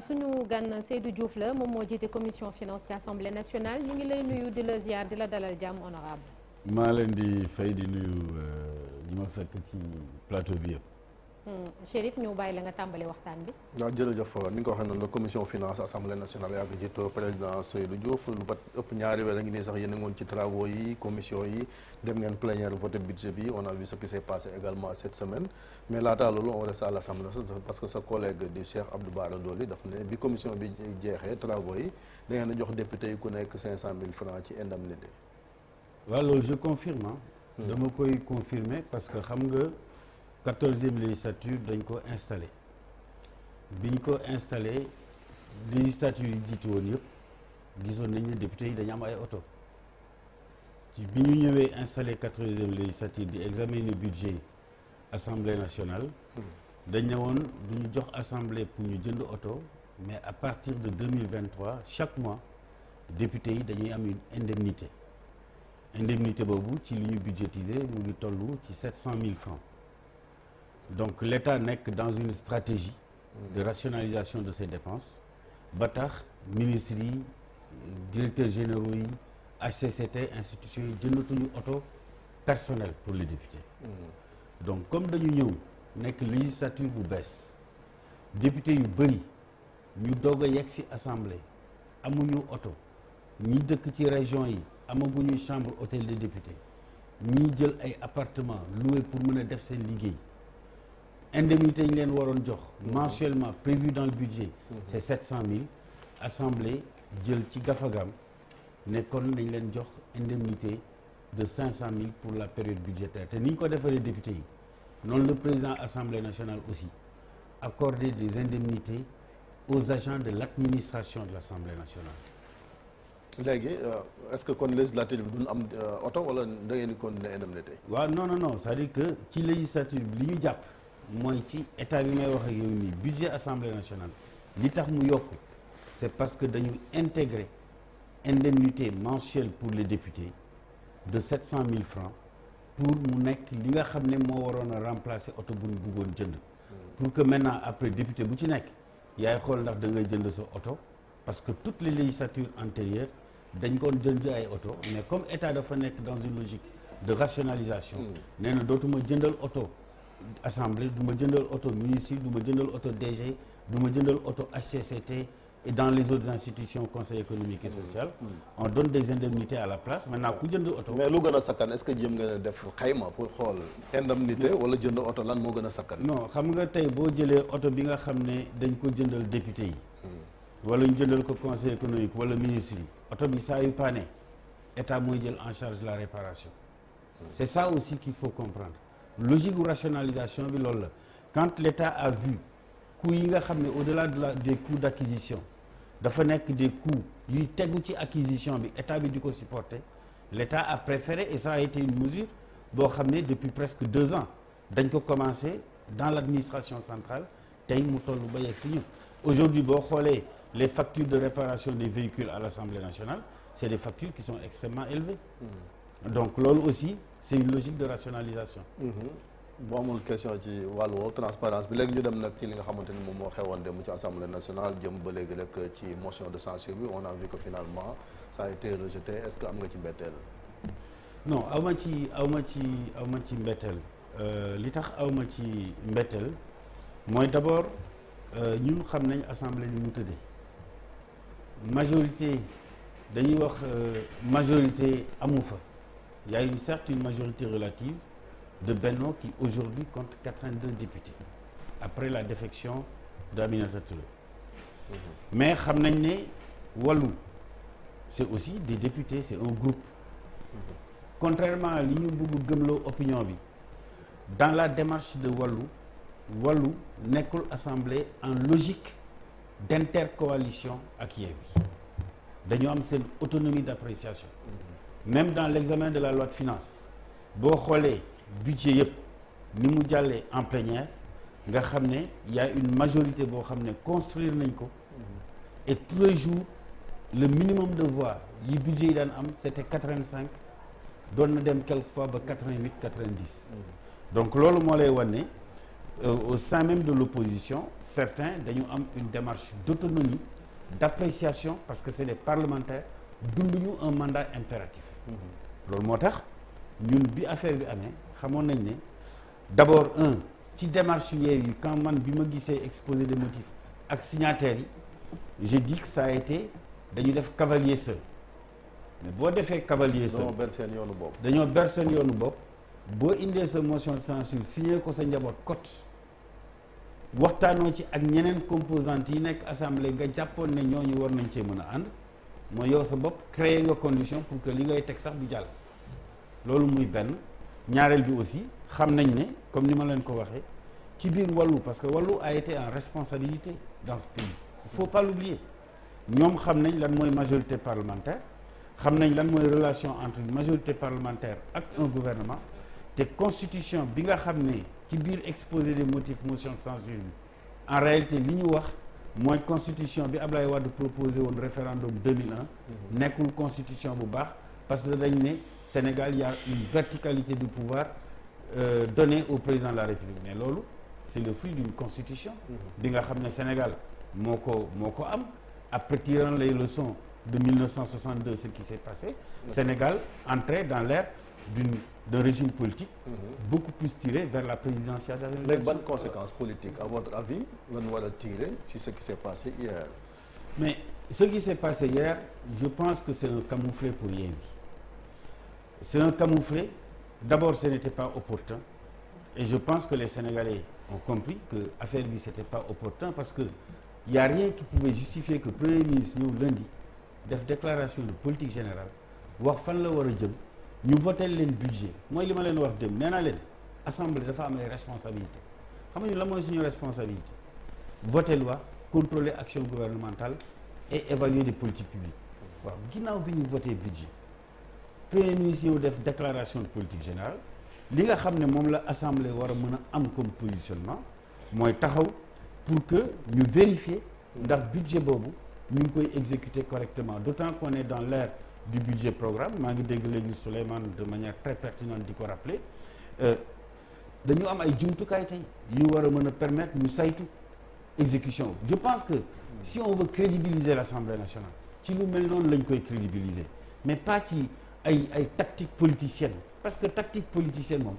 suñu gan Seydou Diouf la moom moo jiite commission finance ci assemblée nationale ñu ngi lay nuyu di la ziar di la dalal jàmm honorable maa leen di fay di nuyu euh, ñi ma fekk ci plateau bi yëpp. Hmm. Chérif ñu bàyyi la nga tàmbali waxtaan bi. waaw jërëjëf ni nga waxee noonu commission finance assemblée nationale yaa ngi jiitu président Seydou Diouf lu bat ëpp ñaari weer a ngi nii sax yéen ngoon ci travaux yi commission yi dem ngeen plénière voté budget bi on a vu ce qui s' est passé également cette semaine mais laataa loolu on reste à l' assemblée parce que sa collègue di Cheikh Abdou Bara Dolly daf ne bi commission bi jeexee travaux quatorzième législature dañ ko installé biñ ko installé législature yi jiitu woon yëpp gisoon nañ ne député yi dañu am ay oto ci bi ñu ñëwee installé quatorzième législature di examiner budget assemblée nationale dañ ne woon du ñu jox assemblée pour ñu jënd oto mais à partir de 2023 chaque mois député yi dañuy am indemnité indemnité boobu ci li ñu budgétisé mu ngi tollu ci cent mille francs donc l'État nekk dans une stratégie de rationalisation de ses dépenses ba tax ministres yi directeur généraux yi HCCT institutions yi jëndatuñu auto personnel pour les députés hmm. donc comme dañu ñëw nekk législature bu bees député yu bëri ñu doog a yegg si assemblée amuñu oto ñi dëkk ci région yi amaguñu chambre hôtel des députés ñi jël ay appartement loué pour mën a def seen liggéey indemnité yi ñu leen waroon jox mensuellement prévu dans le budget c'est sept cent mille assemblée jël ci gafagam ne kon nañ leen jox indemnité de cinq cent mille pour la période budgétaire te ni ñu ko defaree député yi noonu le président assemblée nationale aussi accordé des indemnités aux agents de l'administration de l'assemblée nationale léegi euh, est-ce que kon législature bi duñ am euh, oto wala da ngeen di continuer indemnité waaw non non non cest dire que ci législature li ñu jàpp mooy ci état bi may wax ak yow nii budget assemblée nationale li tax mu yokk c'est parce que dañu intégrer indemnité mensuelle pour les députés de cent mille francs pour mu nekk li nga xam ne moo waroon a remplacer oto bu ñu buggoon jënd. pour que maintenant après député bu ci nekk yaay xool ndax da ngay jënd sa oto parce que toutes les législatures antérieures dañ koon jënd ay oto mais comme état dafa nekk dans une logique de rationalisation. Hmm. nee na dootuma jëndal oto. assemblée du ma jëndal oto ministre du ma jëndal oto DG du ma jëndal oto HCCT et dans les autres institutions conseil économique et mm-hmm. social. Mmh. on donne des indemnités à la place maintenant ku jënd oto. mais lu gën a sakkan est-ce que jéem nga def xayma pour xool indemnité wala jënd oto lan moo gën a sakkan. non xam nga tey boo jëlee oto bi nga xam ne dañ ko jëndal député yi. Mm-hmm. wala ñu jëndal ko conseil économique wala ministre yi oto bi saa yu paane état mooy jël en charge la réparation. Mm-hmm. c'est ça aussi qu'il faut comprendre. logique ou rationalisation bi loolu la quand l'État a vu ku yi nga xam ne au-delà de la des coûts d'acquisition dafa nekk de coûts yuy tegu ci acquisition bi état bi di ko supporter l'État a préféré et ça a été une mesure boo xam ne depuis presque deux ans dañ ko commencé dans l'administration centrale tey mu toll ba yegg fi ñu aujourd'hui boo xoolee les factures de réparation des véhicules à l'Assemblée nationale c'est des factures qui sont extrêmement élevées. Mmh. donc loolu aussi c'est une logique de rationalisation. Mhm. boo amul question ci wàllu transparence bi léegi ñu dem nag ci li nga xamante ni moom moo xewoon dem ci assemblée nationale jëm ba léegi rek ci motion de censure bi on a vu ko finalement ça a été rejeté est-ce que am nga ci mbetteel. non aw ci awma ci awma ci mbetteel euh, li tax aw ma ci mbetteel mooy d'abord euh, ñun xam nañ assemblée ni mu tëddee majorité dañuy wax euh, majorité amu fa. il y a une certaine majorité relative de Benno qui aujourd'hui compte 82 députés après la défection d'Aminata Touré mmh. mais xam nañ ne Wallu c'est aussi des députés c'est un groupe mmh. contrairement à li ñu bëgg gëmloo opinion bi dans la démarche de Wallu Wallu nekkul assemblée en logique d'intercoalition ak Yewwi dañoo am seen autonomie d'appréciation mmh. même dans l'examen de la loi de finances boo xoolee budget yëpp ni mu jàllee en plénière nga xam ne yaa une majorité boo xam ne construire nañ ko et tous les jours le minimum de voix yi budget yi daan am c'était quatre-vingt-cinq doon na dem fois ba quatre-vingt-huit quatre vingt donc loolu moo lay wan ne euh, au sein même de l'opposition certains dañu am une démarche d'autonomie d'appréciation parce que c'est des parlementaires dunduñu un mandat impératif loolu moo tax ñun bi affaire bi amee xamoon nañ ne d'abord un ci démarche Yewwi yi quand man bi ma gisee exposé de motifs ak signataires yi j'ai dit que été dañu def cavalier sa mais boo defee cavalier sa dañoo ber seen yoonu bopp dañoo ber yoonu bopp boo indee sa motion de censure signé ko sa njaboot cote waxtaanoo ci ak ñeneen composantes yi nekk assemblée nga jàppoon ne ñooñu war nañ cee mën a ànd mooy yow sa bopp créer nga condition pour que li ngay teg sax bu jàll loolu muy benn ñaareel bi aussi xam nañ ne comme ni ma leen ko waxee ci biir wàllu parce que wàllu a été en responsabilité dans ce pays il faut pas l'oublier ñoom xam nañ lan mooy majorité parlementaire xam nañ lan mooy relation entre majorité parlementaire ak un gouvernement te constitution bi nga xam ne ci biir exposé des motifs motion de bi en réalité li ñu wax mooy constitution bi Ablaye Wade proposé woon référendum 2001 mhm. nekkul constitution bu baax parce que dañ ne Sénégal y a une verticalité du pouvoir euh, au président de la République mais loolu c'est le fruit d'une constitution bi mhm. nga xam ne Sénégal moo ko moo ko am après tirant les leçons de 1962 ce qui s'est passé okay. Sénégal entrait dans l'ère d'une d'un régime politique. Mm -hmm. beaucoup plus tiré vers la présidentielle. mais ban conséquence politique à votre avis la ñu a tirer sur ce qui s'est passé hier. mais ce qui s'est passé hier je pense que c'est un camouflet pour Yewwi c'est un camouflet d'abord ce n'était pas opportun et je pense que les Sénégalais ont compris que affaire bi c'était pas opportun parce que y a rien qui pouvait justifier que premier ministre ñëw lundi def déclaration de politique générale wax fan la war a jëm. ñu voté leen budget mooy li ma leen wax dem nee naa leen assemblée dafa am ay responsabilité xam nga la mooy suñu responsabilité voté loi contrôler action gouvernementale et évaluer les politiques publiques waaw ginnaaw bi ñu voté budget premier ministre ñëw def déclaration de politique générale li nga xam ne moom la assemblée war a mën a am comme positionnement mooy taxaw pour que ñu vérifier ndax budget boobu ñu ngi koy exécuter correctement d'autant qu'on est dans l'ère du budget programme maa ngi dégg léegi Souleymane de manière très pertinente di ko rappeler euh, dañu am ay jumtukaay tey ñu war a mën a permettre ñu saytu exécution je pense que si on veut crédibiliser l'Assemblée nationale ci lu mel noonu lañ koy crédibiliser mais pas ci ay ay tactique politicienne parce que tactique politicienne moom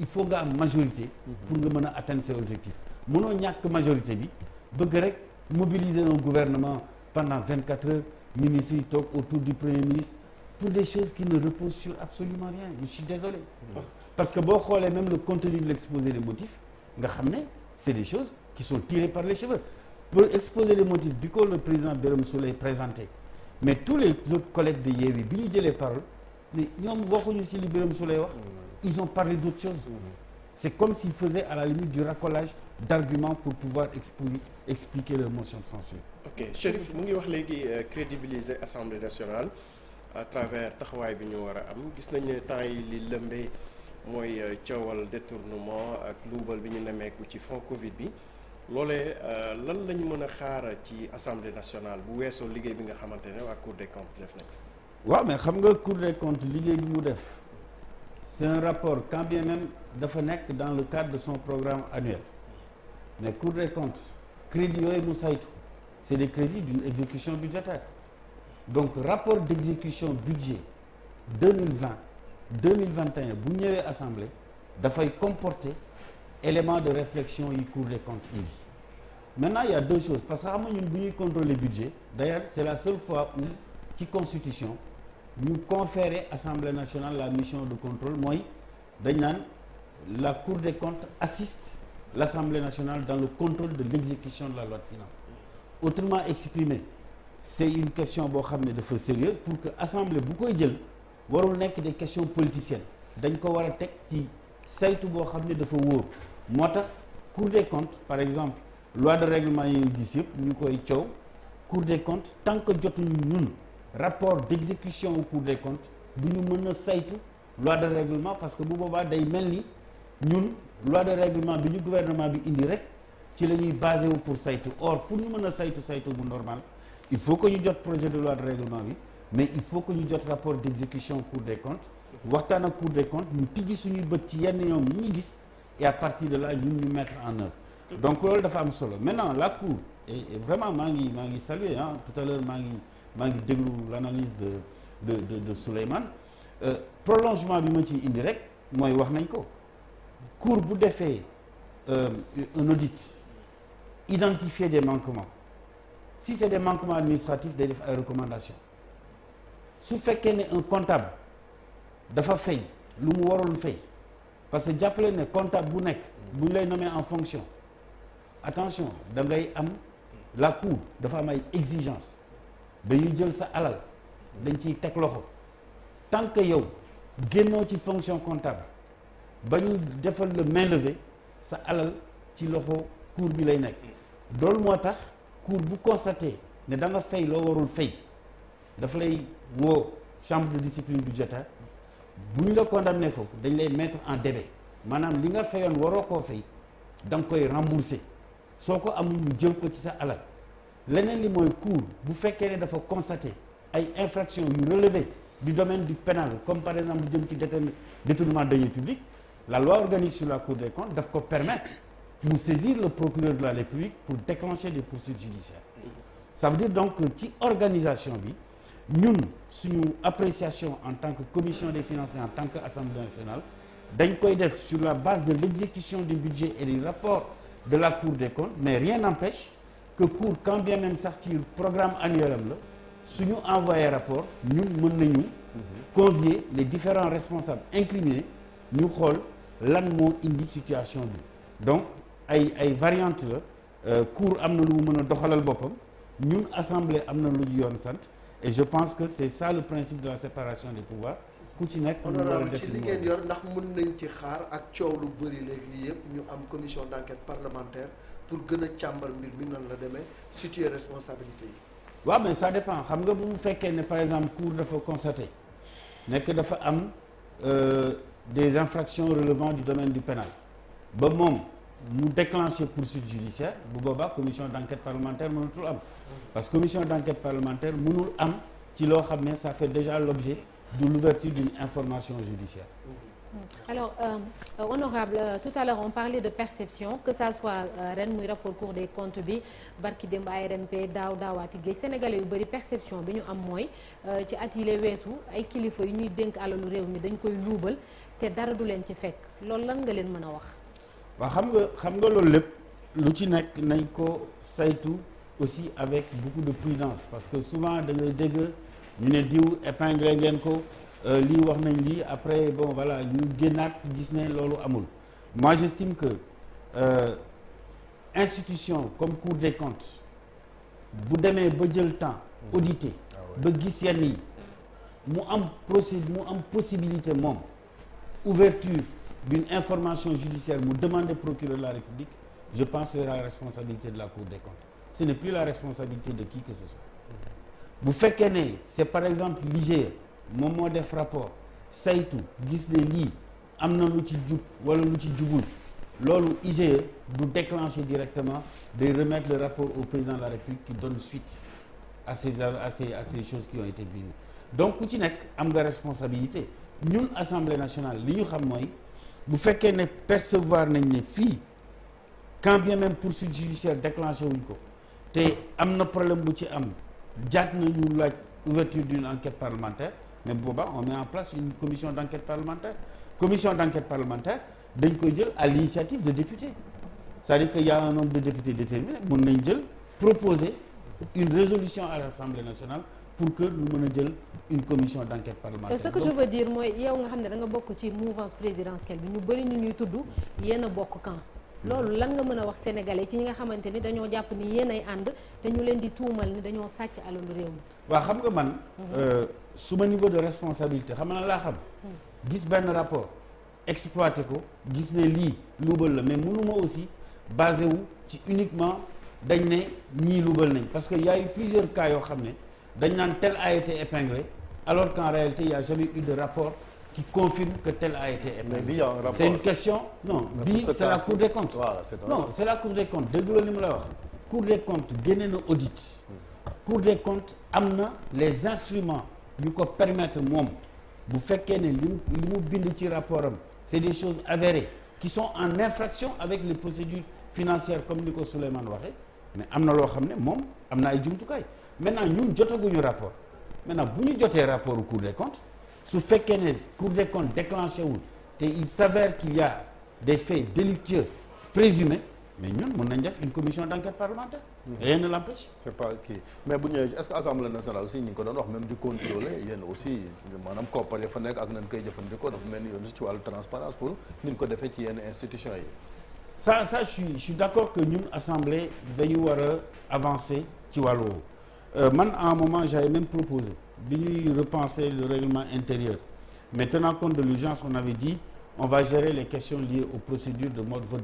il faut nga am majorité pour nga mën a atteindre ses objectifs mënoo ñàkk majorité bi bëgg rek mobiliser un gouvernement pendant vingt-quatre ministres yi toog autour du premier ministre pour des choses qui ne reposent sur absolument rien je suis désolé parce que boo xoolee même le contenu de l'exposé des motifs nga xam ne c'est des choses qui sont tirées par les cheveux pour exposer les motifs bi ko le président Birame Souleye présenté mais tous les autres collègues de Yewwi bi ñu jëlee parole mais ñoom waxuñu ci li Birame Souleye wax ils ont parlé d'autres choses C'est comme s'il faisait à la limite du racolage d'arguments pour pouvoir expliquer, expliquer leur motion de censure. ok Chérif mu ngi wax léegi euh, crédibiliser Assemblée nationale à travers taxawaay bi ñu war a am gis nañ ne temps yi li lëmbee mooy euh, coowal détournement ak luubal bi ñu nemeeku ci fond Covid bi loolee euh, lan la mën a xaar ci Assemblée nationale bu weesoo liggéey bi nga xamante ne waa Cour de comptes def nañ. waaw mais xam nga Cour des comptes liggéey c'est un rapport quand bien dafa nekk dans le cadre de son programme annuel mais Cour des comptes crédit yooyu mu saytu c'est des crédits d'une exécution budgétaire donc rapport d'exécution budget 2020 2021 bu ñëwee assemblée dafay comporter élément de réflexion yi Cour des comptes indi maintenant il y a deux choses parce que xam nga ñun bu ñuy contrôler budget d'ailleurs c'est la seule fois où ci constitution ñu conférer assemblée nationale la mission de contrôle mooy dañ naan la cour des comptes assiste l'assemblée nationale dans le contrôle de l'exécution de la loi de finances autrement exprimé c'est une question boo xam ne dafa sérieuse pour que assemblée bu koy jël warul nekk de question politiciennes dañ ko war a teg ci saytu boo xam ne dafa wóor moo tax cour de comptes par exemple loi de règlement yi gis yëpp ñu koy coow cour des comptes tant que jotuñu ñun rapport d'exécution au Cour des bu ñu mën a saytu loi de règlement parce que bu boobaa day mel ni ñun loi de règlement bi ñu gouvernement bi indi rek ci la ñuy basé wu pour saytu or pour ñu mën a saytu saytu bu normal il faut que ñu jot projet de loi de règlement bi mais il faut que ñu jot rapport d'exécution au Cour des comptes waxtaan ak Cour des comptes ñu tijji suñuy bët ci yenn ñoom yi ñu gis et à partir de là ñun ñu mettre en œuvre donc loolu dafa am solo maintenant la Cour vraiment maa ngi maa ngi saluer ah tout maa ngi maa ngi déglu l'analyse de de de de Souleymane euh, prolongement bi ma ciy indi rek mooy wax nañ ko cour bu defee euh, un audit identifier des manquements si c'est des manquement administratifs day def ay recommandation su fekkee ne un comptable dafa fay lu mu warul fay parce que jàppale ne comptable bu nekk bu ñu lay nommé en fonction attention da ngay am la cour dafa am ay exigences dañuy jël sa alal dañ ciy teg loxo tant que yow génnoo ci fonction comptable ba ñu defal le mainlevée sa alal ci loxo cour bi lay nekk loolu moo tax cour bu constaté ne da nga fay loo warul fay dafa lay woo chambre de discipline budgétaire bu ñu la condamné foofu dañ lay mettre en débet maanaam li nga fayoon waroo koo fay da nga koy rembourser soo ko amul ñu jël ko ci sa alal leneen li mooy cour bu fekkee ne dafa constaté ay infraction yu relevées du domaine du pénal comme par exemple lu jëm ci détournement de deniers publics la loi organique sur la cour des comptes daf ko permettre mu saisir le procureur de la république pour déclencher des poursuites judiciaires ça veut dire donc ci organisation bi ñun suñu appréciation en tant que commission des finances en tant que nationale dañ koy def sur la base de l'exécution du budget et du rapport de la cour des comptes mais rien que cour quand bien sax ci programme annuel am la suñu envoyé rapport ñun mën nañu convier les différents responsables incriminés ñu xool lan moo indi situation bi donc ay ay variante la euh, cour am na lu mu mën a doxalal boppam ñun assemblée am na lu yoon sant et je pense que c'est ça le principe de la séparation des pouvoirs ku ci nekk honorable ci li yor ndax mun nañu ci xaar ak coow lu bëri léegi yëpp ñu am commission d'enquête parlementaire pour gën a càmbar mbir mi nan la demee situer responsabilité yi. Ouais, waaw mais ça dépend xam nga bu fekkee ne par exemple cour dafa constaté nekk dafa am euh, des infractions relevant du domaine du pénal ba moom mu déclenché poursuite judiciaire bu boobaa commission d' enquête parlementaire mënatul am. parce que commission d' enquête parlementaire mënul am ci loo xam ne sa fait déjà l' objet l'ouverture d'une information judiciaire. Mmh. Mm. alors euh, euh honorable euh, tout à l'heure on parlait de perception que ça soit euh, ren muy rapport Cour des comptes bi barki démb ARMP daaw daawaati géej sénégalais yu bëri perception bi ñu am mooy ci at yi lay weesu ay kilifa yu ñuy dénk alalu réew mi dañ koy luubal te dara du leen ci fekk loolu lan nga leen mën a wax waaw xam nga xam nga loolu lépp lu ci nekk nañ ko saytu aussi avec beaucoup de prudence parce que souvent da ngay dégg ñu ne diw épinglé ngeen ko Euh, lii wax nañ lii après bon voilà ñu génnaat gis ne loolu amul moi j'estime que euh, institution comme Cour des comptes bu demee ba jël temps audité ah ba gis yenn yi mu am procédure mu am possibilité moom ouverture d'une information judiciaire mu demander procureur de la République je pense que c'est la responsabilité de la Cour des comptes ce n'est plus la responsabilité de qui que ce soit mm-hmm. bu fekkee ne c'est par exemple l'IGE moom moo def rapport saytu gis ne lii am na lu ci jub wala lu ci jubul loolu IGE du déclencher directement day remettre le rapport au président de la République qui donne suite à ces à à ces choses qui ont été vues donc ku ci nekk am nga responsabilité ñun assemblée nationale li ñu xam mooy bu fekkee ne percevoir nañ ne fii quand bien même poursuite judiciaire déclenché wuñ ko te am na problème bu ci am jaat nañu laaj ouverture d'une enquête parlementaire mais boobaa on met en place une commission d'enquête parlementaire commission d'enquête parlementaire dañ koy jël à l'initiative de députés cest dire que y a nombre de députés déterminé mën nañ jël proposer une résolution à l'Assemblée nationale pour que ñu mën a jël une commission d'enquête parlementaire. ce que je veux dire mooy yow nga xam ne da nga bokk ci mouvance présidentielle bi ñu bëri ñu ñuy tudd yéen a bokk camp loolu lan nga mën a wax sénégalais ci ñi nga xamante ni dañoo jàpp ni yéen ay ànd te ñu leen ni dañoo sàcc alalu suma niveau de responsabilité xam na laa xam gis benn rapport exploité ko gis ne lii luubal la mais mënuma aussi basé wu ci uniquement dañ ne ñii luubal nañ parce que y a plusieurs cas yoo xam ne dañ naan tel a été épinglé alors qu'en réalité il y a jamais eu de rapport qui confirme que tel a été épinglé une question non bii c'est la cour des comptes non c'est la cour des comptes li mu la wax cour des comptes génne na audit hmm. cour de comptes am na les instruments yu ko permettre moom bu fekkee ne li li mu bind ci rapport am c'est des choses avérées qui sont en infraction avec les procédures financières comme ni ko Souleymane waxee mais am na loo xam ne moom am na ay jumtukaay maintenant ñun jotaguñu rapport maintenant bu ñu jotee rapport Cour des comptes su fekkee ne Cour des comptes déclenché wul te il s'avère qu'il y a des faits délictueux présumés mais ñun mën nañ def une commission d'enquête parlementaire. Mm-hmm. rien ne l'empêche. c'est pas kii mais bu ñëwee est-ce que assemblée nationale aussi ñu ko doon wax même di contrôler yéen aussi maanaam koppar ya fa nekk ak nañ koy jëfandikoo dafa mel ni yoon ci wàllu transparence pour ni ko defee ci yenn institution yi. ça ça je que ñun assemblée dañu war a avancer ci wàll woowu euh, man à un moment j'avais même proposé bi ñuy repenser le règlement intérieur mais tenant compte de l'urgence on avait dit on va gérer de mode vote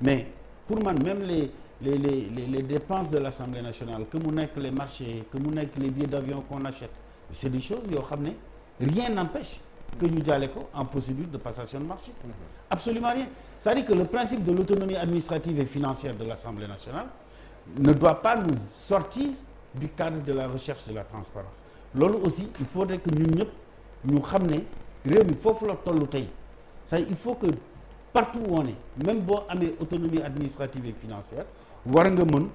mais pour man même les les les les dépenses de l'Assemblée nationale que mu nekk les marchés que mu nekk les billets d'avion qu'on achète c'est des choses yoo xam ne rien n'empêche que ñu jaale ko en procédure de passation de marché mm-hmm. absolument rien c'est-à-dire que le principe de l'autonomie administrative et financière de l'Assemblée nationale ne doit pas nous sortir du cadre de la recherche de la transparence loolu aussi il faudrait que ñun ñëpp ñu xam ne réew foofu la tollu tey c'est-à-dire il partout où on est même boo amee autonomie administrative et financière war nga mën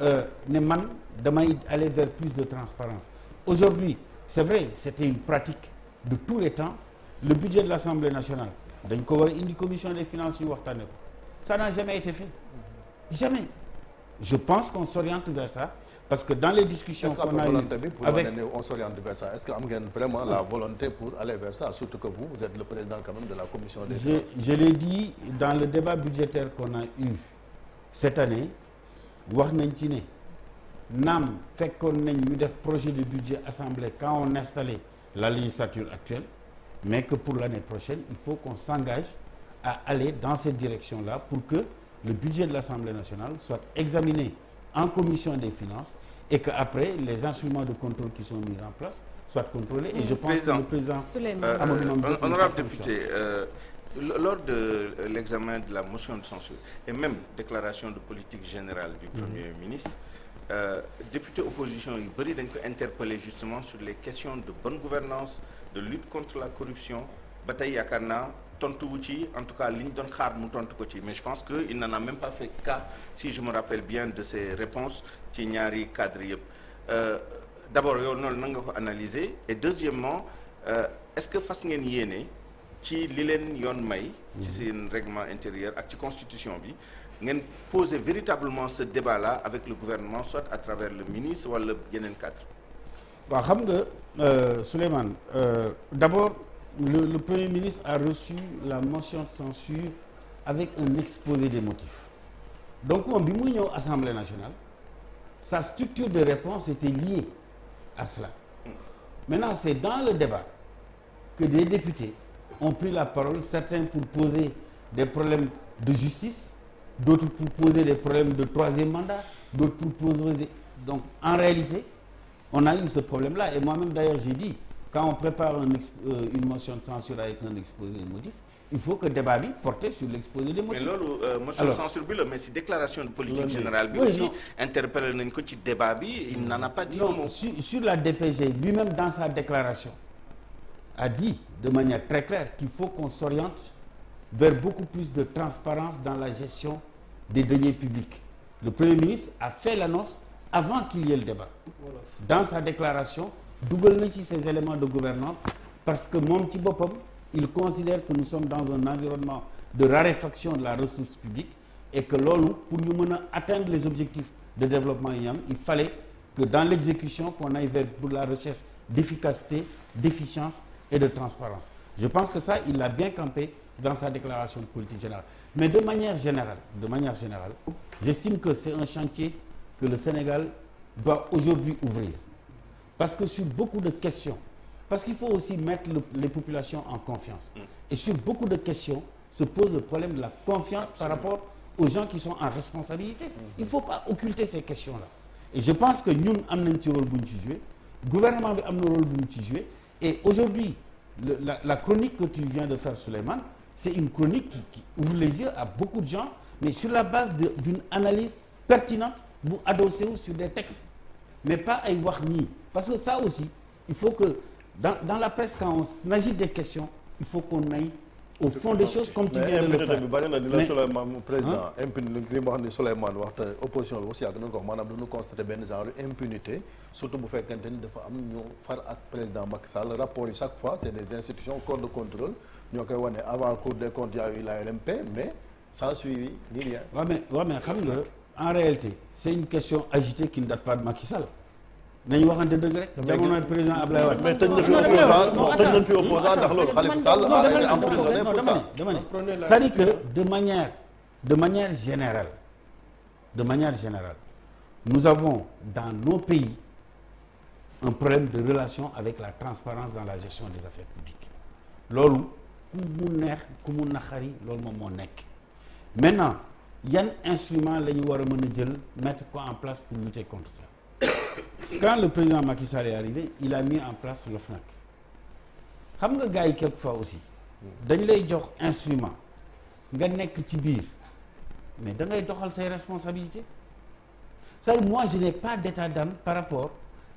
euh, ne man damay aller vers plus de transparence aujourd'hui c'est vrai c'était une pratique de tous les temps le budget de l'Assemblée nationale dañ ko war a indi commission des finances ñu waxtaane ko ça n'a jamais été fait jamais je pense qu'on s'oriente vers ça parce que dans les discussions qu'on a eues avec on s'oriente vers ça est pour aller vers ça surtout que vous vous êtes le président quand même de la commission des finances je l'ai dit dans le débat budgétaire qu'on a eu cette année wax nañ ci ne naam fekkoon nañ ñu def projet de budget assemblée quand on installait la législature actuelle mais que pour l'année prochaine il faut qu'on s'engage à aller dans cette direction-là pour que le budget de l'Assemblée nationale soit examiné en commission des finances et que après les instruments de contrôle qui sont mis en place soient contrôlés. et je pense président, que le président euh, euh, honorable député euh, lors de l'examen de la motion de censure et même déclaration de politique générale du premier mmh. ministre euh, député opposition yu bëri dañ ko interpeller justement sur les questions de bonne gouvernance de lutte contre la corruption ba tey yaakaar naa tontu wu ci en tout cas li ñu doon xaar mu tontu ko ci mais je pense que il n'en a même pas fait cas si je me rappelle bien de ses réponses ci ñaari cadre yëpp euh, d'abord yow noonu nan nga ko analyser et deuxièmement euh, est-ce que fas ngeen yéene ci li leen yoon may ci mm-hmm. seen règlement intérieur ak ci constitution bi ngeen poser véritablement ce débat là avec le gouvernement soit à travers le ministre wala yeneen cadre waaw xam nga euh, Souleymane d'abord le, le Premier ministre a reçu la motion de censure avec un exposé des motifs donc moom bi muy ñëw Assemblée nationale sa structure de réponse était liée à cela maintenant c'est dans le débat que des députés ont pris la parole certains pour poser des problèmes de justice d'autres pour poser des problèmes de troisième mandat d'autres pour poser donc en réalité on a eu ce problème là et moi-même d'ailleurs j'ai dit quand on prépare un euh, une motion de censure avec un exposé des motifs il faut que débat bi porte sur l'exposé des motifs. mais loolu euh, si déclaration de politique générale. bi oui, nañ ko ci débat bi il a pas la DPG lui-même dans sa déclaration a dit de manière très claire qu'il faut qu'on s'oriente vers beaucoup plus de transparence dans la gestion des deniers publics le premier ministre a fait l'annonce avant qu'il y ait le débat. Voilà. dans sa déclaration. dugal na ci ces éléments de gouvernance parce que moom ci boppam il considère que nous sommes dans un environnement de raréfaction de la ressource publique et que loolu pour ñu mën a atteindre les objectifs de développement yi am il fallait que dans l'exécution qu'on aille vers pour la recherche d'efficacité d'efficience et de transparence je pense que ça il l'a bien campé dans sa déclaration de politique générale mais de manière générale de manière générale j'estime que c'est un le Sénégal doit aujourd'hui ouvrir Parce que sur beaucoup de questions, parce qu'il faut aussi mettre le, les populations en confiance. Mm. Et sur beaucoup de questions, se pose le problème de la confiance par rapport aux gens qui sont en responsabilité. Mm. Il ne faut pas occulter ces questions-là. Et je pense que ñun am nañ ci rôle bu ñu ci joué gouvernement bi am na rôle bu ñu ci joué et aujourd'hui la la chronique que tu viens de faire Souleymane c'est une chronique qui, qui ouvre les yeux à beaucoup de mais sur la base d'une analyse pertinente bu adossé wu sur des mais pas ay wax nii parce que ça aussi il faut que dans dans la presse quand on des questions il faut qu'on aille au fond des choses comme tu viens de faire bi bari na dina Souleymane président impunité li mu wax ni Souleymane wax te opposition bi aussi yàgg nañu ko wax maanaam dañu constaté benn genre impunité surtout bu fekkente ni dafa am ñu ak président Macky Sall rapport yi chaque fois c'est des institutions corps de contrôle ñoo koy wane avant cour des comptes y a eu l'ARMP mais sans suivi ni rien. waaw mais nañu waxante dëgg rek. jamono président Ablaye Wade. mais tëj na fi opposant tëj na fi opposant ndax loolu Khalifa Sall a été emprisonné pour ça. dama ne que de manière de manière générale de manière générale nous avons dans nos pays un problème de relation avec la transparence dans la gestion des affaires publiques loolu ku mun neex ku mu naxari loolu moom moo nekk maintenant yan instrument la ñu war a mën a jël mettre ko en place pour lutter contre ça. quand le président Macky Sall est arrivé il a mis en place l'OFNAC xam nga gars yi quelquefois aussi dañ lay jox instrument nga nekk ci biir mais da ngay doxal say responsabilité c'est-à-dire moi je n'ai pas d'état d'âme par rapport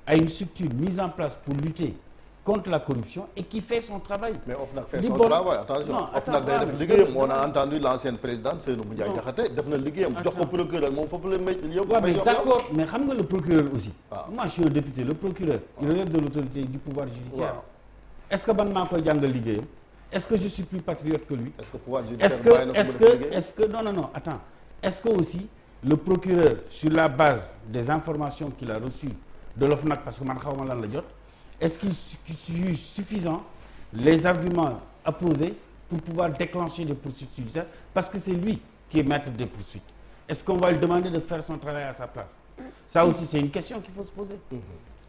a une structure mise en place pour lutter contre la corruption et qui fait son travail. mais OFNAC fait son travail attention OFNAC day def liggéeyam on a entendu l'ancienne présidente Seynabou Ndiaye Diakhaté def na liggéeyam la may ah. le procureur il ah. relève de l'autorité du pouvoir judiciaire. est-ce que man maa koy jàngal liggéeyam est-ce que je suis plus patriote que lui. est-ce que non non non attends est-ce que aussi le procureur sur la base des informations qu'il a reçues de l'OFNAC parce que ma lan la jot. est-ce qu'il suffisant les arguments apposés pour pouvoir déclencher des poursuites judiciaires parce que c'est lui qui est maître des poursuites est-ce qu'on va lui demander de faire son travail à sa place ça aussi c'est une question qu'il faut se poser mmh.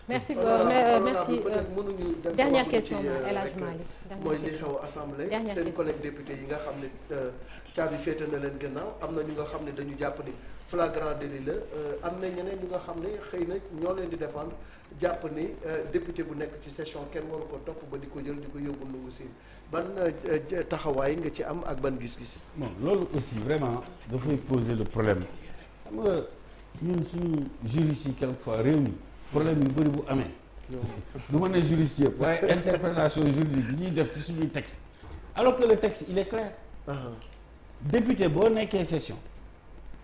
merci euh, merci euh, dernière question El Hadj euh, Malick mooy li xew assemblée seen collègue député yi nga xam ne caabi féete na leen gannaaw am na ñu nga xam ne dañu jàpp ni flagrant délit la am na ñeneen ñu nga xam ne xëy na ñoo leen di défendre jàpp ni député bu nekk ci session kenn waru ko topp ba di ko jël di ko yóbbu ndungu siin ban taxawaay nga ci am ak ban gis-gis bon loolu aussi vraiment dafay poser le problème xam nga ñun suñu juristes yi fois réew mi problème yu bëri bu amee du ma ne juriste yëpp waaye interprétation juridique bi ñuy def ci suñuy texte alors que le texte il est clair uh-huh. député boo nekkee session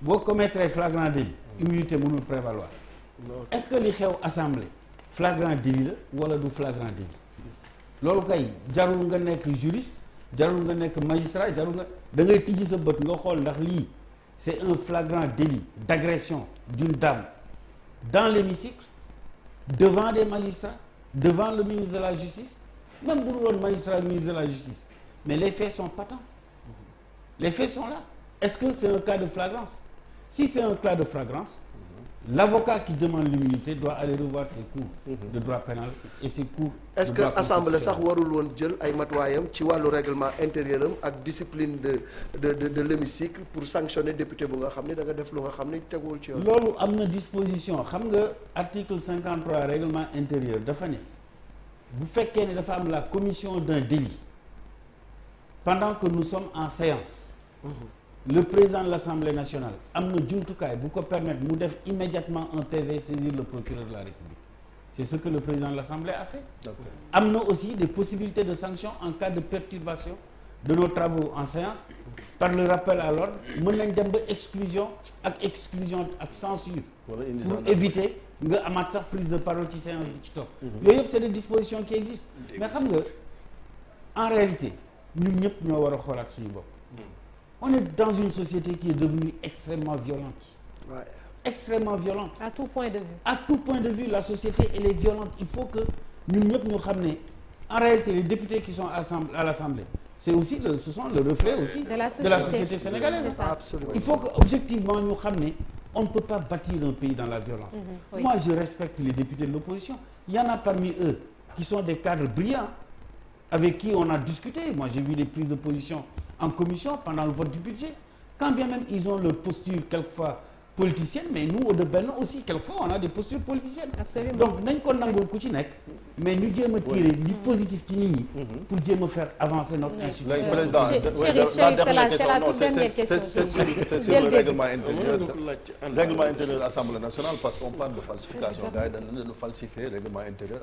boo commettre flagrant délit immunité mënul prévaloir est-ce que li xew assemblée flagrant délit la wala du flagrant délit loolu kay jarul nga nekk juriste jarul nga nekk magistrat jarul nga da ngay tijji sa bët nga xool ndax lii c'est un flagrant délit d'agression d'une dame dans l'hémicycle devant des magistrats devant le ministre de la justice même bu dul woon magistrat ministre de la justice mais les faits sont patents les faits sont là est-ce que c'est un cas de flagrance si c'est un cas de flagrance l'avocat qui demande l'immunité doit aller revoir ses cours de droit pénal et ses cours est-ce que assemblée sax warul woon jël ay matuwaayam ci wàllu règlement intérieur am ak discipline de de de de l'hémicycle pour sanctionner député bu nga xam ne da nga def lu nga xam ne teguwul ci yoon loolu am na disposition xam nga article 53 règlement intérieur dafa ne bu fekkee ne dafa am la commission d'un délit pendant que nous sommes en séance mhm. le président de l'Assemblée nationale am na jumtukaay bu ko permettre mu def immédiatement un PV saisir le procureur de la République c'est ce que le président de l'Assemblée a fait am na aussi des possibilités de sanctions en cas de perturbation de nos travaux en séance par le rappel à l'ordre mën nañ dem ba exclusion ak exclusion ak censure pour éviter nga amaat sax prise de parole ci séance bi ci topp mhm. yooyu yëpp c'est des dispositions qui existent xam nga en réalité ñun ñëpp ñoo war a xoolaat suñu bopp mhm. on est dans une société qui est devenue extrêmement violente. extrêmement violente. à tout point de vue. la société elle est violente il faut que ñun ñëpp ñu xam ne en réalité les députés qui sont à l'Assemblée c'est aussi le ce sont le reflet aussi. de la société, de la société sénégalaise. c'est ça. Absolument. il faut que objectivement ñu on ne peut pas bâtir un pays dans la violence. Mm-hmm. je respecte les députés de l'opposition il y en a parmi eux qui sont des cadres brillants avec qui on a en commission pendant le vote du budget quand bien même ils leur posture quelquefois politicienne mais nous au de Benno aussi quelquefois on a des postures politiciennes donc nañ ko nangul ku ci nekk mais ñu jéem a tirer li mm-hmm. positif ci mm-hmm. pour jéem faire avancer notre institution c'est sur le règlement intérieur règlement intérieur assemblée nationale parce qu'on parle de falsification gars yi dañ leen règlement intérieur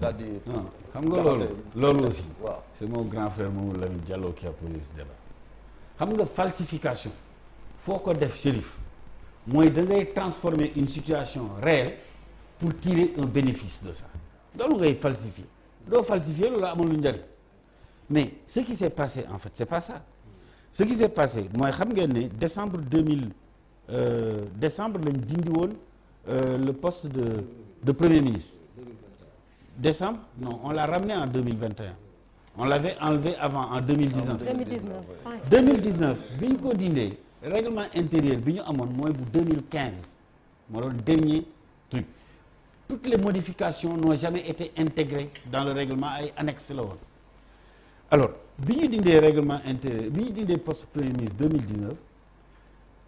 daal di. Ah, xam nga loolu loolu aussi. waaw c'est mon grand frère Mamadou Lamine Diallo qui a posé ce xam nga falsification foo ko def shérif mooy da ngay transformer une situation réelle pour tirer un bénéfice de ça loolu ngay falsifier doo falsifier loolu amul lu njariñ mais ce qui s'est passé en fait c'est pas ça ce qui mooy xam ngeen ne décembre 2000 euh, décembre lañ dindi woon euh, le poste de de premier ministre décembre non on l'a ramené en 2021 on l'avait enlevé avant en 2019 2019 2019 bi ñu koo dindee règlement intérieur bi ñu amoon mooy bu 2015 moo doon dernier truc toutes les modifications n'ont jamais été intégrées dans le règlement ay annexe la woon alors bi ñu dindee règlement intérieur bi ñu dindee poste premier ministre 2019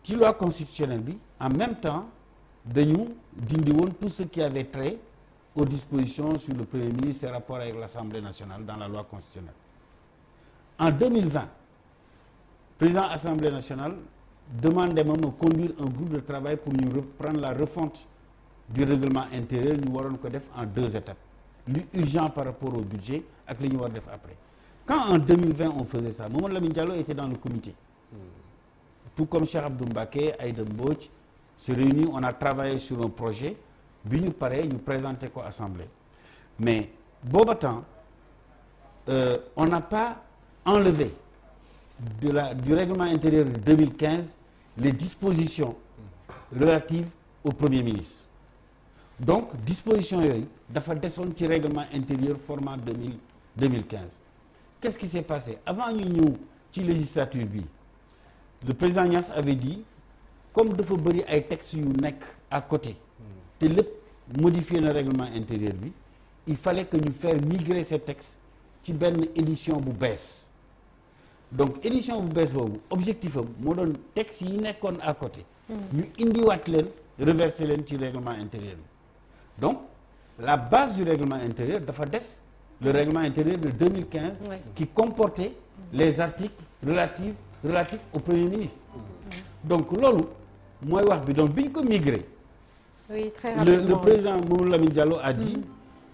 ci loi constitutionnelle bi en même temps dañu dindi woon tout ce qui avait trait aux dispositions sur le Premier ministre et rapport avec l'Assemblée nationale dans la loi constitutionnelle. En 2020, le président de l'Assemblée nationale demande même de conduire un groupe de travail pour ñu reprendre la refonte du règlement intérieur ñu waroon ko def en deux étapes lu urgent par rapport au budget ak li ñu war def après quand en 2020 on faisait ça Mamadou Lamine Diallo était dans le comité tout comme Cheikh Abdou Mbacké Aïda Mbodj se réunit on a travaillé sur projet bi ñu paree ñu présenté ko assemblée mais booba temps euh, on n'a pas enlevé de la du règlement intérieur de 2015 les dispositions relatives au premier ministre donc disposition yooyu dafa desoon ci règlement intérieur format 2000 2015 qu'est-ce qui s'est passé avant ñu ñëw ci législature bi le président Niass avait dit comme dafa bëri ay text yu nekk à côté te lépp modifier na règlement intérieur bi il fallait que ñu faire migrer ces textes ci benn édition bu bees donc édition bu bees boobu objectif am moo doon textes yi nekkoon à côté hmm. ñu indiwaat leen reverser leen ci règlement intérieur bi donc la base du règlement intérieur dafa des le règlement intérieur de 2015 oui. qui comportait les articles relatifs relatifs au premier ministre mm donc loolu mooy wax bi donc bi ñu ko migrer Oui, très rapidement. Le, le président Mamadou Lamine Diallo a mm. dit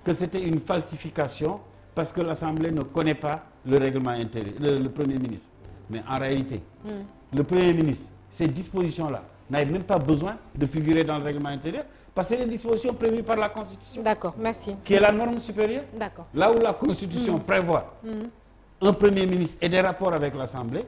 que c'était une falsification parce que l'Assemblée ne connaît pas le règlement intérieur, le, le Premier ministre. Mais en réalité, mm. le Premier ministre, ces dispositions-là n'avaient même pas besoin de figurer dans le règlement intérieur parce que c'est des dispositions prévues par la Constitution. Qui est la norme supérieure. Là où la Constitution mm. prévoit mm. un Premier ministre et des rapports avec l'Assemblée,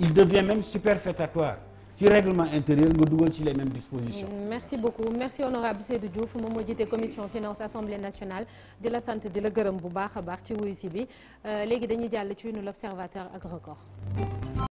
il devient même superfétatoire. ci règlement intérieur nga dugal ci les mêmes dispositions. merci beaucoup merci honorable Seydou Diouf moom moo jiite commission finance assemblée nationale di la sant di la gërëm bu baax a baax ci wuyu si bi euh, léegi dañuy jàll ci nu l'observateur ak record.